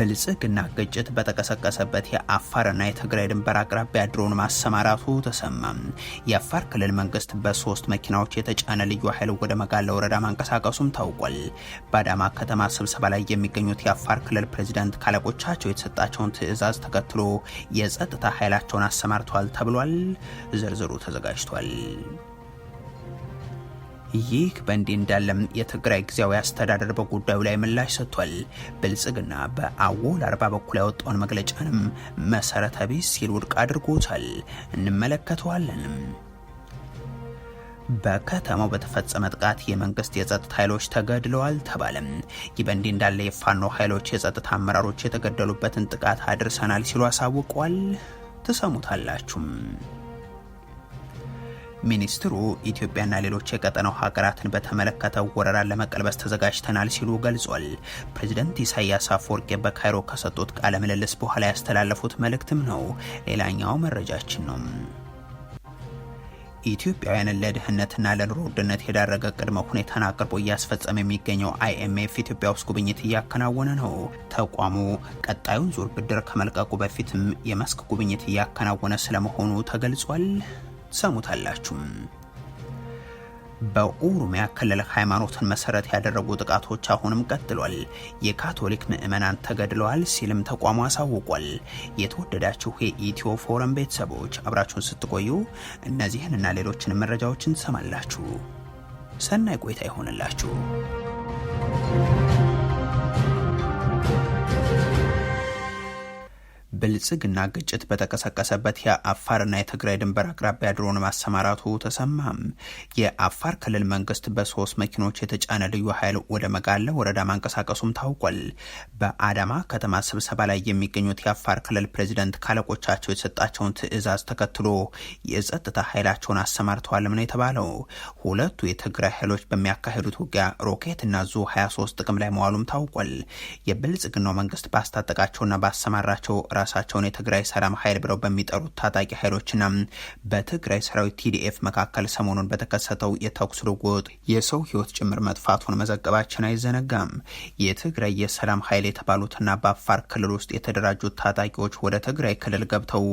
ብልጽግና ግጭት በተቀሰቀሰበት የአፋርና የትግራይ ድንበር አቅራቢያ ድሮን ማሰማራቱ ተሰማ። የአፋር ክልል መንግስት በሶስት መኪናዎች የተጫነ ልዩ ኃይል ወደ መጋለ ወረዳ ማንቀሳቀሱም ታውቋል። በአዳማ ከተማ ስብሰባ ላይ የሚገኙት የአፋር ክልል ፕሬዚዳንት ካለቆቻቸው የተሰጣቸውን ትዕዛዝ ተከትሎ የጸጥታ ኃይላቸውን አሰማርተዋል ተብሏል። ዝርዝሩ ተዘጋጅቷል። ይህ በእንዲህ እንዳለም የትግራይ ጊዜያዊ አስተዳደር በጉዳዩ ላይ ምላሽ ሰጥቷል። ብልጽግና በአወል አርባ በኩል ያወጣውን መግለጫንም መሰረተ ቢስ ሲል ውድቅ አድርጎታል። እንመለከተዋለንም። በከተማው በተፈጸመ ጥቃት የመንግስት የጸጥታ ኃይሎች ተገድለዋል ተባለም። ይህ በእንዲህ እንዳለ የፋኖ ኃይሎች የጸጥታ አመራሮች የተገደሉበትን ጥቃት አድርሰናል ሲሉ አሳውቀዋል። ትሰሙታላችሁም። ሚኒስትሩ ኢትዮጵያና ሌሎች የቀጠናው ሀገራትን በተመለከተ ወረራን ለመቀልበስ ተዘጋጅተናል ሲሉ ገልጿል። ፕሬዚደንት ኢሳያስ አፈወርቄ በካይሮ ከሰጡት ቃለ ምልልስ በኋላ ያስተላለፉት መልእክትም ነው። ሌላኛው መረጃችን ነው። ኢትዮጵያውያንን ለድህነትና ለኑሮ ውድነት የዳረገ ቅድመ ሁኔታን አቅርቦ እያስፈጸመ የሚገኘው አይኤምኤፍ ኢትዮጵያ ውስጥ ጉብኝት እያከናወነ ነው። ተቋሙ ቀጣዩን ዙር ብድር ከመልቀቁ በፊትም የመስክ ጉብኝት እያከናወነ ስለመሆኑ ተገልጿል። ሰሙታላችሁም። በኦሮሚያ ክልል ሃይማኖትን መሰረት ያደረጉ ጥቃቶች አሁንም ቀጥሏል። የካቶሊክ ምዕመናን ተገድለዋል ሲልም ተቋሙ አሳውቋል። የተወደዳችሁ የኢትዮ ፎረም ቤተሰቦች አብራችሁን ስትቆዩ እነዚህንና ሌሎችን መረጃዎችን ትሰማላችሁ። ሰናይ ቆይታ ይሆንላችሁ። ብልጽግና ግጭት በተቀሰቀሰበት የአፋርና የትግራይ ድንበር አቅራቢያ ድሮን ማሰማራቱ ተሰማም። የአፋር ክልል መንግስት በሶስት መኪኖች የተጫነ ልዩ ኃይል ወደ መጋለ ወረዳ ማንቀሳቀሱም ታውቋል። በአዳማ ከተማ ስብሰባ ላይ የሚገኙት የአፋር ክልል ፕሬዚደንት ካለቆቻቸው የተሰጣቸውን ትዕዛዝ ተከትሎ የጸጥታ ኃይላቸውን አሰማርተዋልም ነው የተባለው። ሁለቱ የትግራይ ኃይሎች በሚያካሄዱት ውጊያ እና ዙ 23 ጥቅም ላይ መዋሉም ታውቋል። የብልጽግናው መንግስት ባስታጠቃቸውና ባሰማራቸው ራስ ራሳቸውን የትግራይ ሰላም ኃይል ብለው በሚጠሩት ታጣቂ ኃይሎችና በትግራይ ሰራዊት ቲዲኤፍ መካከል ሰሞኑን በተከሰተው የተኩስ ልውውጥ የሰው ህይወት ጭምር መጥፋቱን መዘገባችን አይዘነጋም። የትግራይ የሰላም ኃይል የተባሉትና በአፋር ክልል ውስጥ የተደራጁት ታጣቂዎች ወደ ትግራይ ክልል ገብተው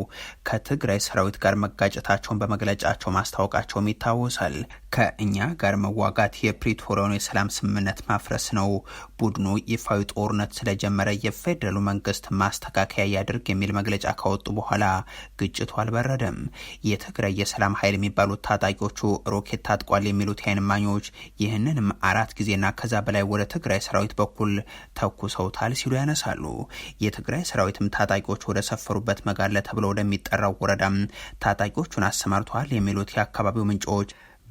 ከትግራይ ሰራዊት ጋር መጋጨታቸውን በመግለጫቸው ማስታወቃቸውም ይታወሳል። ከእኛ ጋር መዋጋት የፕሪቶሪያውን የሰላም ስምምነት ማፍረስ ነው። ቡድኑ ይፋዊ ጦርነት ስለጀመረ የፌዴራሉ መንግስት ማስተካከያ ያድርግ የሚል መግለጫ ካወጡ በኋላ ግጭቱ አልበረደም። የትግራይ የሰላም ኃይል የሚባሉት ታጣቂዎቹ ሮኬት ታጥቋል የሚሉት የዓይን እማኞች ይህንንም አራት ጊዜና ከዛ በላይ ወደ ትግራይ ሰራዊት በኩል ተኩሰውታል ሲሉ ያነሳሉ። የትግራይ ሰራዊትም ታጣቂዎች ወደ ሰፈሩበት መጋለ ተብሎ ወደሚጠራው ወረዳም ታጣቂዎቹን አሰማርተዋል የሚሉት የአካባቢው ምንጮች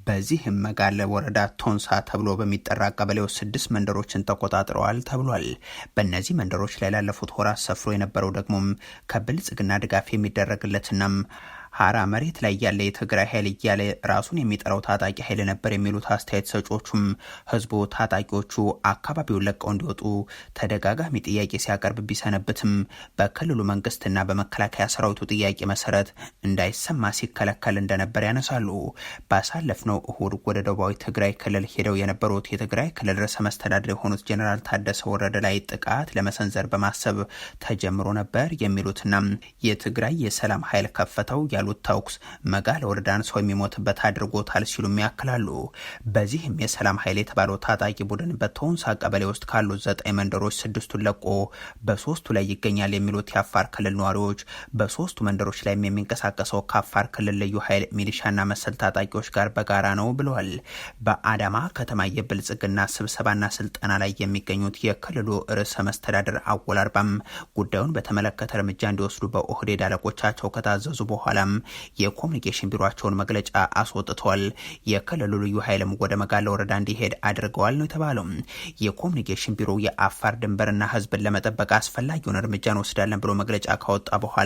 በዚህም መጋለ ወረዳ ቶንሳ ተብሎ በሚጠራ ቀበሌው ስድስት መንደሮችን ተቆጣጥረዋል ተብሏል። በእነዚህ መንደሮች ላይ ላለፉት ወራት ሰፍሮ የነበረው ደግሞም ከብልጽግና ድጋፍ የሚደረግለትናም ሀራ መሬት ላይ ያለ የትግራይ ኃይል እያለ ራሱን የሚጠራው ታጣቂ ኃይል ነበር የሚሉት አስተያየት ሰጮቹም ህዝቡ ታጣቂዎቹ አካባቢውን ለቀው እንዲወጡ ተደጋጋሚ ጥያቄ ሲያቀርብ ቢሰነብትም በክልሉ መንግስትና በመከላከያ ሰራዊቱ ጥያቄ መሰረት እንዳይሰማ ሲከለከል እንደነበር ያነሳሉ። ባሳለፍነው እሁድ ወደ ደቡባዊ ትግራይ ክልል ሄደው የነበሩት የትግራይ ክልል ርዕሰ መስተዳድር የሆኑት ጀኔራል ታደሰ ወረደ ላይ ጥቃት ለመሰንዘር በማሰብ ተጀምሮ ነበር የሚሉትና የትግራይ የሰላም ኃይል ከፈተው ያሉ ያሉት ተኩስ መጋል ወረዳን ሰው የሚሞትበት አድርጎታል ሲሉም ያክላሉ። በዚህም የሰላም ኃይል የተባለው ታጣቂ ቡድን በተውንሳ ቀበሌ ውስጥ ካሉት ዘጠኝ መንደሮች ስድስቱን ለቆ በሶስቱ ላይ ይገኛል የሚሉት የአፋር ክልል ነዋሪዎች በሶስቱ መንደሮች ላይ የሚንቀሳቀሰው ከአፋር ክልል ልዩ ኃይል ሚሊሻና መሰል ታጣቂዎች ጋር በጋራ ነው ብለዋል። በአዳማ ከተማ የብልጽግና ስብሰባና ስልጠና ላይ የሚገኙት የክልሉ ርዕሰ መስተዳድር አወል አርባም ጉዳዩን በተመለከተ እርምጃ እንዲወስዱ በኦህዴድ አለቆቻቸው ከታዘዙ በኋላም የኮሚኒኬሽን ቢሮቸውን መግለጫ አስወጥቷል። የክልሉ ልዩ ኃይልም ወደ መጋለ ወረዳ እንዲሄድ አድርገዋል ነው የተባለው። የኮሚኒኬሽን ቢሮ የአፋር ድንበርና ህዝብን ለመጠበቅ አስፈላጊውን እርምጃ እንወስዳለን ብሎ መግለጫ ካወጣ በኋላ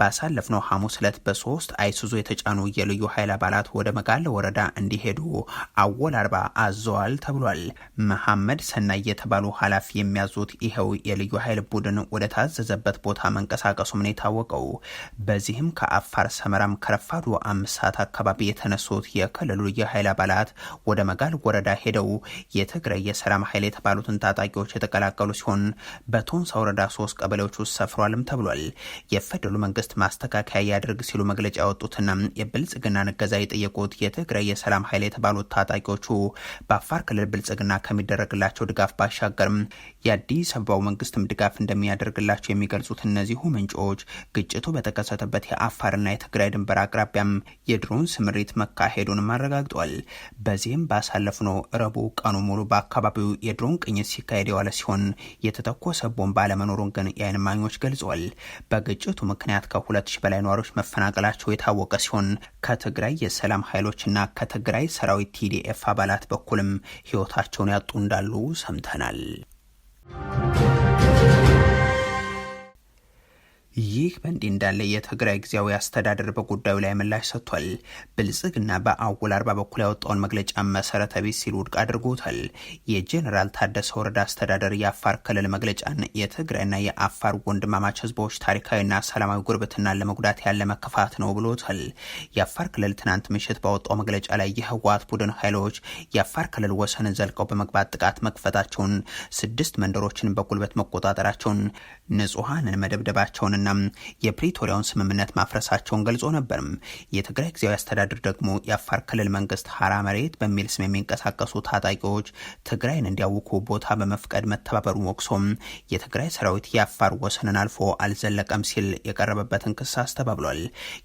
ባሳለፍነው ሐሙስ ዕለት በሶስት አይሱዙ የተጫኑ የልዩ ኃይል አባላት ወደ መጋለ ወረዳ እንዲሄዱ አወል አርባ አዘዋል ተብሏል። መሐመድ ሰናይ የተባሉ ኃላፊ የሚያዙት ይኸው የልዩ ኃይል ቡድን ወደ ታዘዘበት ቦታ መንቀሳቀሱም ነው የታወቀው። በዚህም ከአፋር ከግንባር ሰመራም ከረፋዱ አምስት ሰዓት አካባቢ የተነሱት የክልሉ የኃይል አባላት ወደ መጋል ወረዳ ሄደው የትግራይ የሰላም ኃይል የተባሉትን ታጣቂዎች የተቀላቀሉ ሲሆን በቶንሳ ወረዳ ሶስት ቀበሌዎች ውስጥ ሰፍሯልም ተብሏል። የፌደራሉ መንግስት ማስተካከያ ያድርግ ሲሉ መግለጫ ያወጡትና የብልጽግና ንገዛ የጠየቁት የትግራይ የሰላም ኃይል የተባሉት ታጣቂዎቹ በአፋር ክልል ብልጽግና ከሚደረግላቸው ድጋፍ ባሻገርም የአዲስ አበባው መንግስትም ድጋፍ እንደሚያደርግላቸው የሚገልጹት እነዚሁ ምንጮች ግጭቱ በተከሰተበት የአፋርና የትግራይ ድንበር አቅራቢያም የድሮን ስምሪት መካሄዱንም አረጋግጧል። በዚህም ባሳለፍነው ረቡ ቀኑ ሙሉ በአካባቢው የድሮን ቅኝት ሲካሄድ የዋለ ሲሆን የተተኮሰ ቦምብ አለመኖሩን ግን የአይን እማኞች ገልጿል። በግጭቱ ምክንያት ከሁለት ሺህ በላይ ነዋሪዎች መፈናቀላቸው የታወቀ ሲሆን ከትግራይ የሰላም ኃይሎችና ከትግራይ ሰራዊት ቲዲኤፍ አባላት በኩልም ህይወታቸውን ያጡ እንዳሉ ሰምተናል። ይህ በእንዲህ እንዳለ የትግራይ ጊዜያዊ አስተዳደር በጉዳዩ ላይ ምላሽ ሰጥቷል። ብልጽግና በአውል አርባ በኩል ያወጣውን መግለጫ መሰረተ ቢስ ሲል ውድቅ አድርጎታል። የጄኔራል ታደሰ ወረደ አስተዳደር የአፋር ክልል መግለጫን የትግራይና የአፋር ወንድማማች ህዝቦች ታሪካዊና ሰላማዊ ጉርብትናን ለመጉዳት ያለ መከፋት ነው ብሎታል። የአፋር ክልል ትናንት ምሽት ባወጣው መግለጫ ላይ የህወሓት ቡድን ኃይሎች የአፋር ክልል ወሰንን ዘልቀው በመግባት ጥቃት መክፈታቸውን፣ ስድስት መንደሮችን በጉልበት መቆጣጠራቸውን፣ ንጹሐንን መደብደባቸውንና መቀበላቸውንና የፕሪቶሪያውን ስምምነት ማፍረሳቸውን ገልጾ ነበርም። የትግራይ ጊዜያዊ አስተዳደር ደግሞ የአፋር ክልል መንግስት ሀራ መሬት በሚል ስም የሚንቀሳቀሱ ታጣቂዎች ትግራይን እንዲያውኩ ቦታ በመፍቀድ መተባበሩን ወቅሶም የትግራይ ሰራዊት የአፋር ወሰንን አልፎ አልዘለቀም ሲል የቀረበበትን ክስ አስተባብሏል።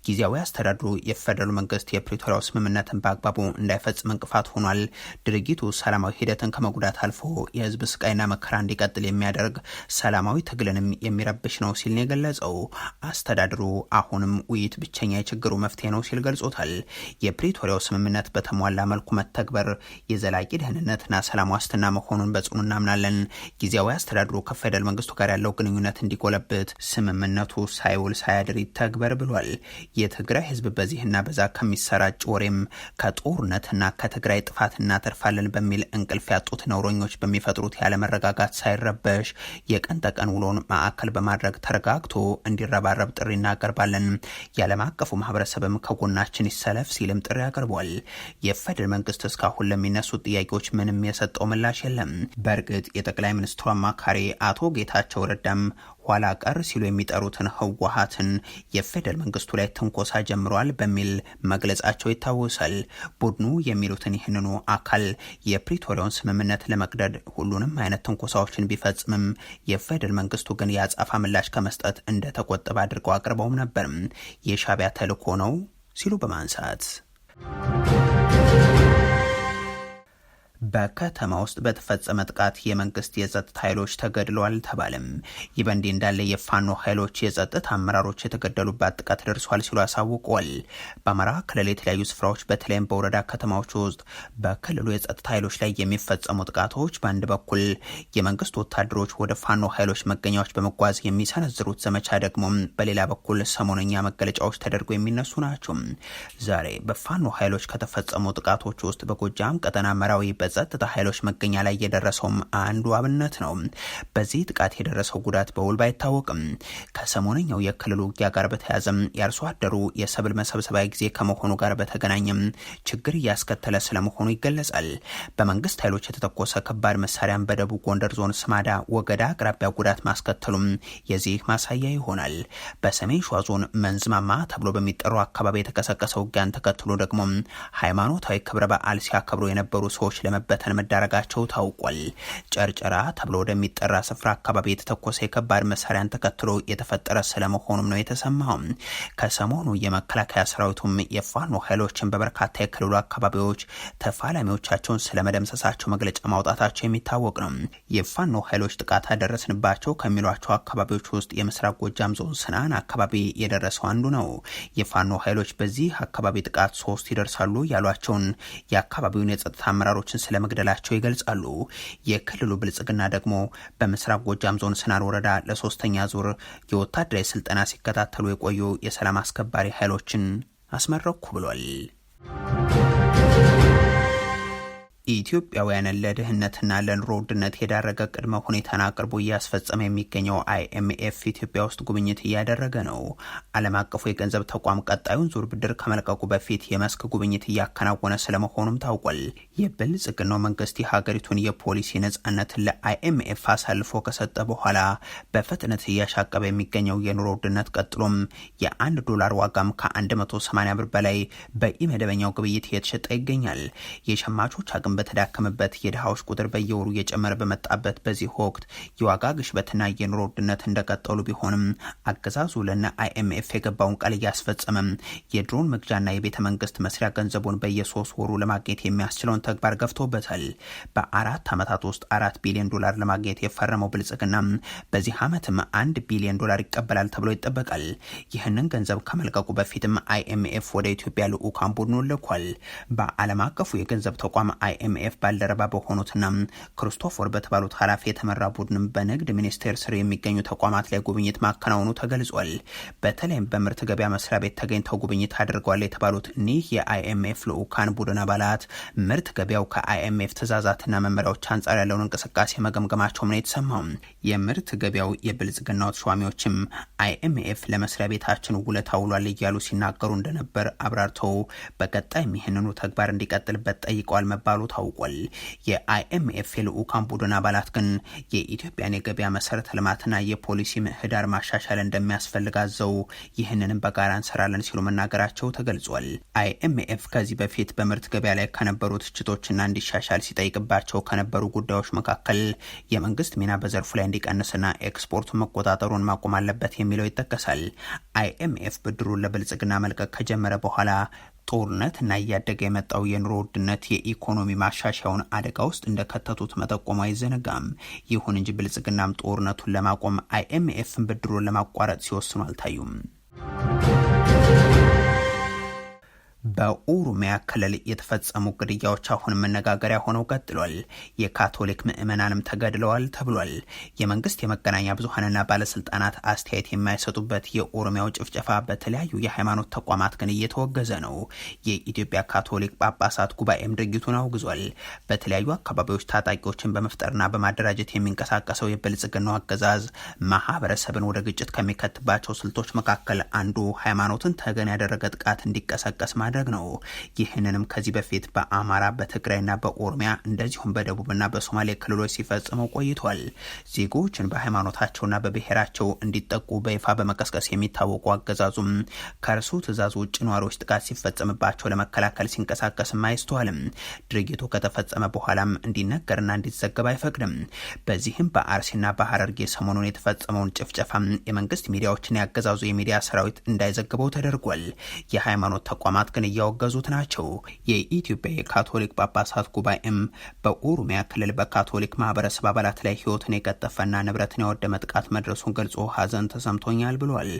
ጊዜያዊ አስተዳድሩ የፌደራሉ መንግስት የፕሪቶሪያው ስምምነትን በአግባቡ እንዳይፈጽም እንቅፋት ሆኗል፣ ድርጊቱ ሰላማዊ ሂደትን ከመጉዳት አልፎ የህዝብ ስቃይና መከራ እንዲቀጥል የሚያደርግ ሰላማዊ ትግልንም የሚረብሽ ነው ሲል ነው የገለጸው። ነው። አስተዳድሩ አሁንም ውይይት ብቸኛ የችግሩ መፍትሄ ነው ሲል ገልጾታል። የፕሪቶሪያው ስምምነት በተሟላ መልኩ መተግበር የዘላቂ ደህንነትና ሰላም ዋስትና መሆኑን በጽኑ እናምናለን። ጊዜያዊ አስተዳድሩ ከፌደራል መንግስቱ ጋር ያለው ግንኙነት እንዲጎለብት ስምምነቱ ሳይውል ሳያድር ይተግበር ብሏል። የትግራይ ህዝብ በዚህና በዛ ከሚሰራጭ ወሬም ከጦርነትና ከትግራይ ጥፋት እናተርፋለን በሚል እንቅልፍ ያጡት ነውረኞች በሚፈጥሩት ያለመረጋጋት ሳይረበሽ የቀን ተቀን ውሎን ማዕከል በማድረግ ተረጋግቶ እንዲረባረብ ጥሪ እናቀርባለን። የዓለም አቀፉ ማህበረሰብም ከጎናችን ይሰለፍ ሲልም ጥሪ አቅርቧል። የፌደራል መንግስት እስካሁን ለሚነሱ ጥያቄዎች ምንም የሰጠው ምላሽ የለም። በእርግጥ የጠቅላይ ሚኒስትሩ አማካሪ አቶ ጌታቸው ረዳም ኋላ ቀር ሲሉ የሚጠሩትን ህወሀትን የፌደራል መንግስቱ ላይ ትንኮሳ ጀምረዋል በሚል መግለጻቸው ይታወሳል። ቡድኑ የሚሉትን ይህንኑ አካል የፕሪቶሪያውን ስምምነት ለመቅደድ ሁሉንም አይነት ትንኮሳዎችን ቢፈጽምም የፌደራል መንግስቱ ግን የአጻፋ ምላሽ ከመስጠት እንደተቆጠበ አድርገው አቅርበውም ነበር። የሻቢያ ተልዕኮ ነው ሲሉ በማንሳት በከተማ ውስጥ በተፈጸመ ጥቃት የመንግስት የጸጥታ ኃይሎች ተገድለዋል ተባለም። ይህ በእንዲህ እንዳለ የፋኖ ኃይሎች የጸጥታ አመራሮች የተገደሉባት ጥቃት ደርሷል ሲሉ አሳውቀል። በአማራ ክልል የተለያዩ ስፍራዎች በተለይም በወረዳ ከተማዎች ውስጥ በክልሉ የጸጥታ ኃይሎች ላይ የሚፈጸሙ ጥቃቶች በአንድ በኩል የመንግስት ወታደሮች ወደ ፋኖ ኃይሎች መገኛዎች በመጓዝ የሚሰነዝሩት ዘመቻ ደግሞ በሌላ በኩል ሰሞነኛ መገለጫዎች ተደርገው የሚነሱ ናቸው። ዛሬ በፋኖ ኃይሎች ከተፈጸሙ ጥቃቶች ውስጥ በጎጃም ቀጠና መራዊ በጸጥታ ኃይሎች መገኛ ላይ የደረሰውም አንዱ አብነት ነው። በዚህ ጥቃት የደረሰው ጉዳት በውል ባይታወቅም ከሰሞነኛው የክልሉ ውጊያ ጋር በተያያዘም የአርሶ አደሩ የሰብል መሰብሰቢያ ጊዜ ከመሆኑ ጋር በተገናኘም ችግር እያስከተለ ስለመሆኑ ይገለጻል። በመንግስት ኃይሎች የተተኮሰ ከባድ መሳሪያን በደቡብ ጎንደር ዞን ስማዳ ወገዳ አቅራቢያ ጉዳት ማስከተሉም የዚህ ማሳያ ይሆናል። በሰሜን ሸዋ ዞን መንዝማማ ተብሎ በሚጠራው አካባቢ የተቀሰቀሰ ውጊያን ተከትሎ ደግሞ ሃይማኖታዊ ክብረ በዓል ሲያከብሩ የነበሩ ሰዎች ለመ ለመበተን መዳረጋቸው ታውቋል። ጨርጨራ ተብሎ ወደሚጠራ ስፍራ አካባቢ የተተኮሰ የከባድ መሳሪያን ተከትሎ የተፈጠረ ስለመሆኑም ነው የተሰማው። ከሰሞኑ የመከላከያ ሰራዊቱም የፋኖ ኃይሎችን በበርካታ የክልሉ አካባቢዎች ተፋላሚዎቻቸውን ስለመደምሰሳቸው መግለጫ ማውጣታቸው የሚታወቅ ነው። የፋኖ ኃይሎች ጥቃት አደረስንባቸው ከሚሏቸው አካባቢዎች ውስጥ የምስራቅ ጎጃም ዞን ስናን አካባቢ የደረሰው አንዱ ነው። የፋኖ ኃይሎች በዚህ አካባቢ ጥቃት ሶስት ይደርሳሉ ያሏቸውን የአካባቢውን የጸጥታ አመራሮችን ስለመግደላቸው ይገልጻሉ። የክልሉ ብልጽግና ደግሞ በምስራቅ ጎጃም ዞን ስናር ወረዳ ለሶስተኛ ዙር የወታደራዊ ስልጠና ሲከታተሉ የቆዩ የሰላም አስከባሪ ኃይሎችን አስመረኩ ብሏል። ኢትዮጵያውያንን ለድህነትና ለኑሮ ውድነት የዳረገ ቅድመ ሁኔታን አቅርቦ እያስፈጸመ የሚገኘው አይኤምኤፍ ኢትዮጵያ ውስጥ ጉብኝት እያደረገ ነው። ዓለም አቀፉ የገንዘብ ተቋም ቀጣዩን ዙር ብድር ከመልቀቁ በፊት የመስክ ጉብኝት እያከናወነ ስለመሆኑም ታውቋል። የብልጽግናው መንግስት የሀገሪቱን የፖሊሲ ነጻነት ለአይኤምኤፍ አሳልፎ ከሰጠ በኋላ በፍጥነት እያሻቀበ የሚገኘው የኑሮ ውድነት ቀጥሎም የአንድ ዶላር ዋጋም ከ180 ብር በላይ በኢመደበኛው ግብይት እየተሸጠ ይገኛል። የሸማቾች አቅም በተዳከመበት የድሃዎች ቁጥር በየወሩ እየጨመረ በመጣበት በዚህ ወቅት የዋጋ ግሽበትና የኑሮ ውድነት እንደቀጠሉ ቢሆንም አገዛዙ ለነ አይኤምኤፍ የገባውን ቃል እያስፈጸመም የድሮን መግዣና የቤተ መንግስት መስሪያ ገንዘቡን በየሶስት ወሩ ለማግኘት የሚያስችለውን ተግባር ገፍቶበታል። በአራት ዓመታት ውስጥ አራት ቢሊዮን ዶላር ለማግኘት የፈረመው ብልጽግና በዚህ ዓመትም አንድ ቢሊዮን ዶላር ይቀበላል ተብሎ ይጠበቃል። ይህንን ገንዘብ ከመልቀቁ በፊትም አይኤምኤፍ ወደ ኢትዮጵያ ልዑካን ቡድኑን ልኳል። በዓለም አቀፉ የገንዘብ ተቋም አይ የአይኤምኤፍ ባልደረባ በሆኑትና ክርስቶፎር በተባሉት ኃላፊ የተመራ ቡድንም በንግድ ሚኒስቴር ስር የሚገኙ ተቋማት ላይ ጉብኝት ማከናወኑ ተገልጿል። በተለይም በምርት ገበያ መስሪያ ቤት ተገኝተው ጉብኝት አድርገዋል የተባሉት እኒህ የአይኤምኤፍ ልዑካን ቡድን አባላት ምርት ገበያው ከአይኤምኤፍ ትዕዛዛትና መመሪያዎች አንጻር ያለውን እንቅስቃሴ መገምገማቸውም ነው የተሰማው። የምርት ገበያው የብልጽግናው ተሿሚዎችም አይኤምኤፍ ለመስሪያ ቤታችን ውለታ ውሏል እያሉ ሲናገሩ እንደነበር አብራርተው በቀጣይም ይህንኑ ተግባር እንዲቀጥልበት ጠይቀዋል መባሉ ታውቋል። የአይኤምኤፍ የልዑካን ቡድን አባላት ግን የኢትዮጵያን የገበያ መሰረተ ልማትና የፖሊሲ ምህዳር ማሻሻል እንደሚያስፈልግ አዘው ይህንንም በጋራ እንሰራለን ሲሉ መናገራቸው ተገልጿል። አይኤምኤፍ ከዚህ በፊት በምርት ገበያ ላይ ከነበሩ ትችቶችና እንዲሻሻል ሲጠይቅባቸው ከነበሩ ጉዳዮች መካከል የመንግስት ሚና በዘርፉ ላይ እንዲቀንስና ኤክስፖርቱን መቆጣጠሩን ማቆም አለበት የሚለው ይጠቀሳል። አይኤምኤፍ ብድሩን ለብልጽግና መልቀቅ ከጀመረ በኋላ ጦርነትና እያደገ የመጣው የኑሮ ውድነት የኢኮኖሚ ማሻሻያውን አደጋ ውስጥ እንደከተቱት መጠቆሙ አይዘነጋም። ይሁን እንጂ ብልጽግናም ጦርነቱን ለማቆም አይኤምኤፍን ብድሮን ለማቋረጥ ሲወስኑ አልታዩም። በኦሮሚያ ክልል የተፈጸሙ ግድያዎች አሁን መነጋገሪያ ሆነው ቀጥሏል። የካቶሊክ ምዕመናንም ተገድለዋል ተብሏል። የመንግስት የመገናኛ ብዙሀንና ባለስልጣናት አስተያየት የማይሰጡበት የኦሮሚያው ጭፍጨፋ በተለያዩ የሃይማኖት ተቋማት ግን እየተወገዘ ነው። የኢትዮጵያ ካቶሊክ ጳጳሳት ጉባኤም ድርጊቱን አውግዟል። በተለያዩ አካባቢዎች ታጣቂዎችን በመፍጠርና በማደራጀት የሚንቀሳቀሰው የብልጽግናው አገዛዝ ማህበረሰብን ወደ ግጭት ከሚከትባቸው ስልቶች መካከል አንዱ ሃይማኖትን ተገን ያደረገ ጥቃት እንዲቀሰቀስ ማድረግ ነው። ይህንንም ከዚህ በፊት በአማራ በትግራይና በኦሮሚያ እንደዚሁም በደቡብና በሶማሌ ክልሎች ሲፈጽመው ቆይቷል። ዜጎችን በሃይማኖታቸውና በብሔራቸው እንዲጠቁ በይፋ በመቀስቀስ የሚታወቁ አገዛዙም ከእርሱ ትዕዛዝ ውጭ ነዋሪዎች ጥቃት ሲፈጸምባቸው ለመከላከል ሲንቀሳቀስም አይስተዋልም። ድርጊቱ ከተፈጸመ በኋላም እንዲነገርና እንዲዘገብ አይፈቅድም። በዚህም በአርሲና በሀረርጌ ሰሞኑን የተፈጸመውን ጭፍጨፋ የመንግስት ሚዲያዎችን ያገዛዙ የሚዲያ ሰራዊት እንዳይዘግበው ተደርጓል። የሃይማኖት ተቋማት ግን እያወገዙት ናቸው። የኢትዮጵያ የካቶሊክ ጳጳሳት ጉባኤም በኦሮሚያ ክልል በካቶሊክ ማህበረሰብ አባላት ላይ ህይወትን የቀጠፈና ንብረትን ያወደመ ጥቃት መድረሱን ገልጾ ሀዘን ተሰምቶኛል ብሏል።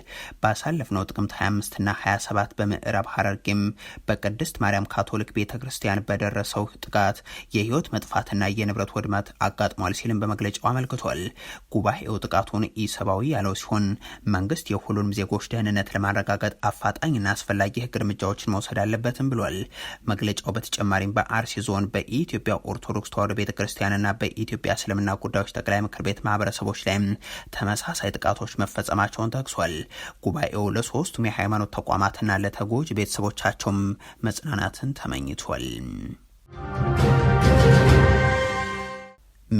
ባሳለፍነው ጥቅምት 25ና 27 በምዕራብ ሀረርጌም በቅድስት ማርያም ካቶሊክ ቤተ ክርስቲያን በደረሰው ጥቃት የህይወት መጥፋትና የንብረት ወድማት አጋጥሟል ሲልም በመግለጫው አመልክቷል። ጉባኤው ጥቃቱን ኢሰብአዊ ያለው ሲሆን መንግስት የሁሉንም ዜጎች ደህንነት ለማረጋገጥ አፋጣኝና አስፈላጊ ህግ እርምጃዎችን መውሰድ እንዳለበትም ብሏል። መግለጫው በተጨማሪም በአርሲ ዞን በኢትዮጵያ ኦርቶዶክስ ተዋህዶ ቤተ ክርስቲያንና በኢትዮጵያ እስልምና ጉዳዮች ጠቅላይ ምክር ቤት ማህበረሰቦች ላይም ተመሳሳይ ጥቃቶች መፈጸማቸውን ጠቅሷል። ጉባኤው ለሶስቱም የሃይማኖት ተቋማትና ለተጎጂ ቤተሰቦቻቸውም መጽናናትን ተመኝቷል።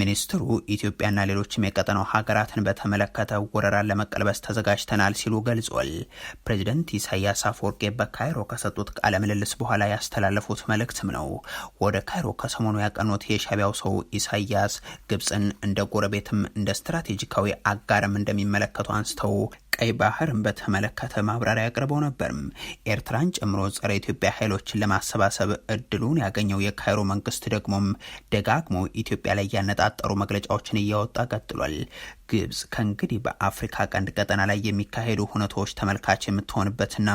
ሚኒስትሩ ኢትዮጵያና ሌሎችም የቀጠናው ሀገራትን በተመለከተ ወረራን ለመቀልበስ ተዘጋጅተናል ሲሉ ገልጿል። ፕሬዚደንት ኢሳያስ አፈወርቄ በካይሮ ከሰጡት ቃለ ምልልስ በኋላ ያስተላለፉት መልእክትም ነው። ወደ ካይሮ ከሰሞኑ ያቀኑት የሻቢያው ሰው ኢሳያስ ግብፅን እንደ ጎረቤትም እንደ ስትራቴጂካዊ አጋርም እንደሚመለከቱ አንስተው ቀይ ባህርን በተመለከተ ማብራሪያ አቅርበው ነበርም። ኤርትራን ጨምሮ ጸረ ኢትዮጵያ ኃይሎችን ለማሰባሰብ እድሉን ያገኘው የካይሮ መንግስት ደግሞም ደጋግሞ ኢትዮጵያ ላይ ያነጣጠሩ መግለጫዎችን እያወጣ ቀጥሏል። ግብጽ ከእንግዲህ በአፍሪካ ቀንድ ቀጠና ላይ የሚካሄዱ ሁነቶች ተመልካች የምትሆንበትና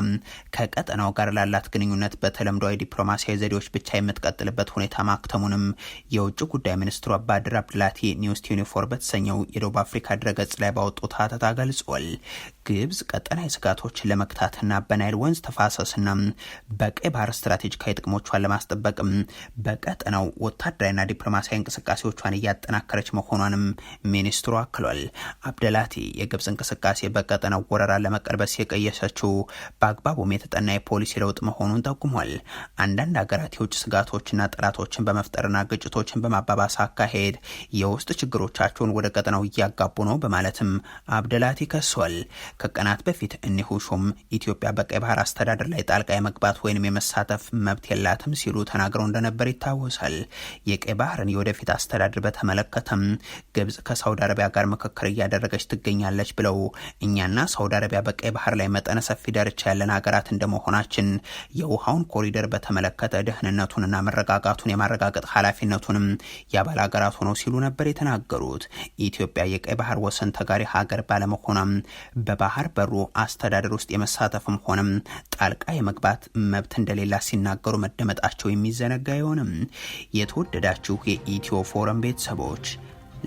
ከቀጠናው ጋር ላላት ግንኙነት በተለምዷዊ ዲፕሎማሲያዊ ዘዴዎች ብቻ የምትቀጥልበት ሁኔታ ማክተሙንም የውጭ ጉዳይ ሚኒስትሩ አባድር አብድላቲ ኒውስት ዩኒፎር በተሰኘው የደቡብ አፍሪካ ድረገጽ ላይ ባወጡት ሀተታ ገልጿል። ግብጽ ቀጠናዊ ስጋቶችን ለመግታትና በናይል ወንዝ ተፋሰስና በቀይ ባህር ስትራቴጂካዊ ጥቅሞቿን ለማስጠበቅም በቀጠናው ወታደራዊና ዲፕሎማሲያዊ እንቅስቃሴዎቿን እያጠናከረች መሆኗንም ሚኒስትሩ አክሏል። አብደላቲ የግብፅ እንቅስቃሴ በቀጠናው ወረራ ለመቀልበስ የቀየሰችው በአግባቡም የተጠና የፖሊሲ ለውጥ መሆኑን ጠቁሟል። አንዳንድ ሀገራት የውጭ ስጋቶችና ጠላቶችን በመፍጠርና ግጭቶችን በማባባስ አካሄድ የውስጥ ችግሮቻቸውን ወደ ቀጠናው እያጋቡ ነው በማለትም አብደላቲ ከሷል። ከቀናት በፊት እኒሁ ሹም ኢትዮጵያ በቀይ ባህር አስተዳደር ላይ ጣልቃ የመግባት ወይንም የመሳተፍ መብት የላትም ሲሉ ተናግረው እንደነበር ይታወሳል። የቀይ ባህርን የወደፊት አስተዳደር በተመለከተም ግብጽ ከሳውዲ አረቢያ ጋር ምክ ምክክር እያደረገች ትገኛለች ብለው እኛና ሳውዲ አረቢያ በቀይ ባህር ላይ መጠነ ሰፊ ዳርቻ ያለን ሀገራት እንደመሆናችን የውሃውን ኮሪደር በተመለከተ ደህንነቱንና መረጋጋቱን የማረጋገጥ ኃላፊነቱንም የአባል ሀገራት ሆነው ሲሉ ነበር የተናገሩት። ኢትዮጵያ የቀይ ባህር ወሰን ተጋሪ ሀገር ባለመሆኗም በባህር በሩ አስተዳደር ውስጥ የመሳተፍም ሆነም ጣልቃ የመግባት መብት እንደሌላ ሲናገሩ መደመጣቸው የሚዘነጋ አይሆንም። የተወደዳችሁ የኢትዮ ፎረም ቤተሰቦች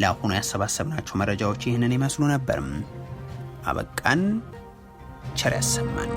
ለአሁኑ ያሰባሰብናቸው መረጃዎች ይህንን ይመስሉ ነበርም። አበቃን። ቸር ያሰማን።